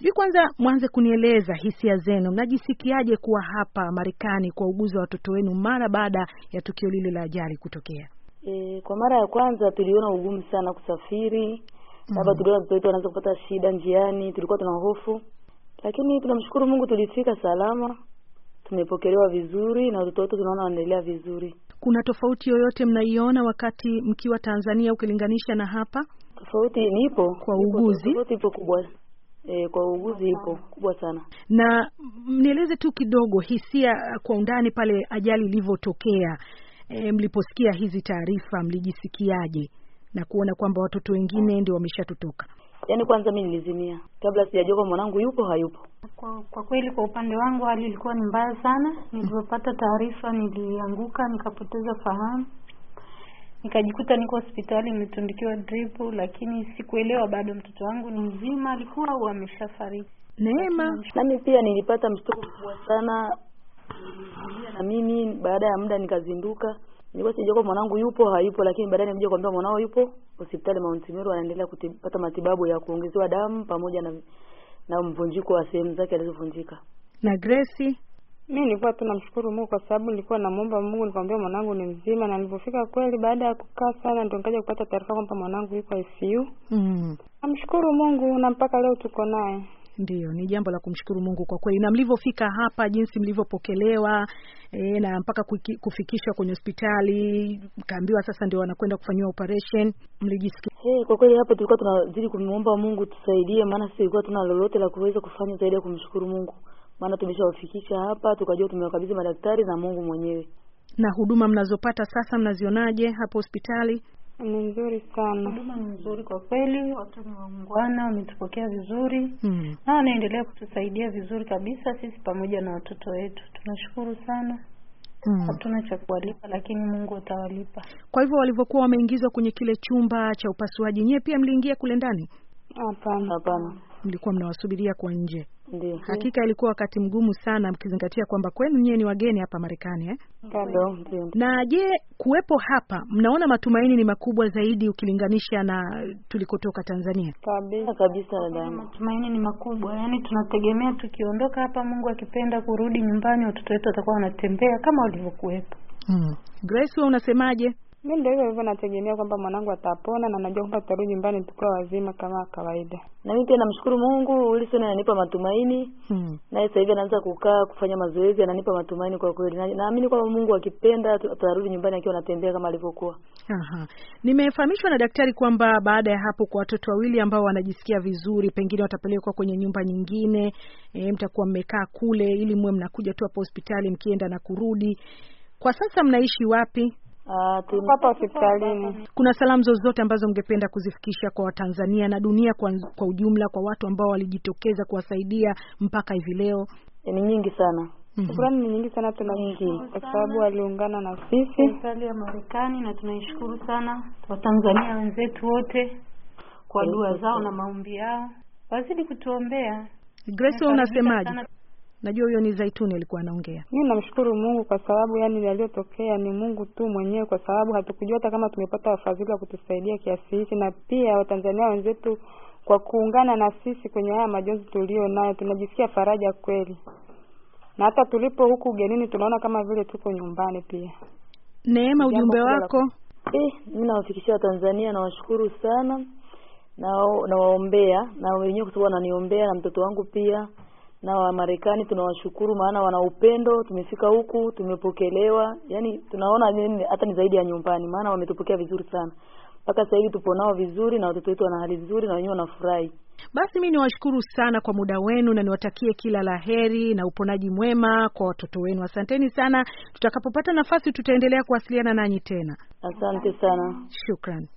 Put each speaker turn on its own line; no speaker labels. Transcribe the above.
Sijui kwanza mwanze kunieleza hisia zenu, mnajisikiaje kuwa hapa Marekani kwa uguzi wa watoto wenu mara baada ya tukio lile la ajali kutokea?
E, kwa mara ya kwanza tuliona ugumu sana kusafiri mhm. labda, mm. tuliona mtoto wetu anaweza kupata shida njiani, tulikuwa tuna hofu, lakini tunamshukuru Mungu tulifika salama, tumepokelewa vizuri na watoto wetu tunaona wanaendelea vizuri.
Kuna tofauti yoyote mnaiona wakati mkiwa Tanzania ukilinganisha na hapa? Tofauti nipo kwa uguzi, tofauti ipo kubwa E, kwa
uuguzi ipo kubwa sana.
Na nieleze tu kidogo hisia eh, kwa undani pale ajali ilivyotokea. E, mliposikia hizi taarifa mlijisikiaje na kuona kwamba watoto wengine ndio wameshatotoka?
Yaani kwanza mi nilizimia kabla sijajua kwa mwanangu yupo hayupo. Kwa, kwa kweli kwa upande wangu hali ilikuwa ni mbaya sana. Nilipopata
taarifa nilianguka nikapoteza fahamu nikajikuta niko hospitali nimetundikiwa drip, lakini sikuelewa bado mtoto wangu ni mzima alikuwa au ameshafariki.
Neema, nami pia nilipata mshtuko mkubwa sana na mimi baada ya muda nikazinduka. Nilikuwa sijua kama mwanangu yupo hayupo, lakini baadaye nimekuja kuambia mwanao yupo hospitali Mount Meru, anaendelea kupata matibabu ya kuongezewa damu pamoja na na mvunjiko wa sehemu zake alizovunjika.
Na Grace Mi nilikuwa tu namshukuru Mungu kwa sababu nilikuwa namuomba Mungu, nikamwambia mwanangu ni mzima, na nilipofika kweli, baada ya kukaa sana, ndio nikaja kupata
taarifa kwamba mwanangu yuko ICU. Mm. Namshukuru Mungu na mpaka leo tuko naye. Ndiyo, ni jambo la kumshukuru Mungu kwa kweli. Na mlivyofika hapa, jinsi mlivyopokelewa e, na mpaka kufikishwa kwenye hospitali, mkaambiwa sasa ndio wanakwenda kufanyiwa operation, mlijisikia hey? Kwa kweli hapo tulikuwa tunazidi kumwomba Mungu tusaidie, maana sisi tulikuwa tuna lolote la
kuweza kufanya zaidi ya kumshukuru Mungu maana tumeshawafikisha hapa, tukajua tumewakabidhi madaktari na Mungu
mwenyewe. Na huduma mnazopata sasa mnazionaje hapo hospitali? Ni nzuri sana, huduma ni nzuri kwa kweli, watu ni waungwana, wametupokea vizuri
hmm. na wanaendelea kutusaidia vizuri kabisa, sisi pamoja na watoto wetu, tunashukuru sana. Hmm. Hatuna cha kuwalipa lakini Mungu
atawalipa. Kwa hivyo walivyokuwa wameingizwa kwenye kile chumba cha upasuaji, nyewe pia mliingia kule ndani? Hapana, hapana mlikuwa mnawasubiria kwa nje.
Ndiyo. Hakika
ilikuwa wakati mgumu sana mkizingatia kwamba kwenu nyie ni wageni hapa Marekani eh? Kado, Na je, kuwepo hapa mnaona matumaini ni makubwa zaidi ukilinganisha na tulikotoka Tanzania?
Kabisa kabisa matumaini ni makubwa.
Yaani tunategemea tukiondoka hapa, Mungu akipenda, kurudi nyumbani, watoto wetu watakuwa wanatembea kama
walivyokuwepo. Hmm. Grace, wewe unasemaje? Mi
ndio hivyo hivyo, nategemea kwamba mwanangu
atapona na najua kwamba tutarudi nyumbani tukiwa wazima kama kawaida. Na mimi pia namshukuru Mungu, Wilson ananipa matumaini hmm. Naye sasa hivi anaanza kukaa kufanya mazoezi, ananipa matumaini kwa kweli. Naamini kwamba Mungu akipenda tutarudi nyumbani akiwa anatembea kama alivyokuwa.
Aha. Nimefahamishwa na daktari kwamba baada ya hapo kwa watoto wawili ambao wanajisikia vizuri, pengine watapelekwa kwenye nyumba nyingine. E, mtakuwa mmekaa kule ili mwe mnakuja tu hapo hospitali mkienda na kurudi. Kwa sasa mnaishi wapi?
tulipata hospitalini.
Kuna salamu zozote ambazo mgependa kuzifikisha kwa Watanzania na dunia kwa, kwa ujumla kwa watu ambao walijitokeza kuwasaidia mpaka hivi leo? E, ni nyingi sana. Mhm. Shukrani mm -hmm. Ni nyingi sana tena nyingi,
kwa sababu waliungana na sisi serikali ya Marekani, na tunaishukuru sana Watanzania wenzetu wote
kwa dua zao na
maombi yao, wazidi kutuombea.
Grace, unasemaje?
Najua huyo ni Zaituni alikuwa anaongea.
Mimi namshukuru Mungu kwa sababu yani yaliyotokea ni Mungu tu mwenyewe, kwa sababu hatukujua hata kama tumepata wafadhili wa kutusaidia kiasi hiki na pia Watanzania wenzetu kwa kuungana na sisi kwenye haya majonzi tulio nayo, tunajisikia faraja kweli, na hata tulipo huku ugenini tunaona kama vile
tuko nyumbani. Pia
Neema, ujumbe wako
eh, mimi nawafikishia Watanzania, nawashukuru sana na nawaombea na wenyewe, kwa sababu ananiombea na mtoto wangu pia na Wamarekani tunawashukuru, maana wana upendo. Tumefika huku tumepokelewa, yani tunaona nini, hata ni zaidi ya nyumbani, maana wametupokea vizuri sana mpaka sasa hivi tupo nao vizuri na watoto wetu wana hali nzuri na wenyewe wanafurahi.
Basi mi niwashukuru sana kwa muda wenu na niwatakie kila la heri na uponaji mwema kwa watoto wenu. Asanteni sana, tutakapopata nafasi tutaendelea kuwasiliana nanyi tena.
Asante sana, shukran.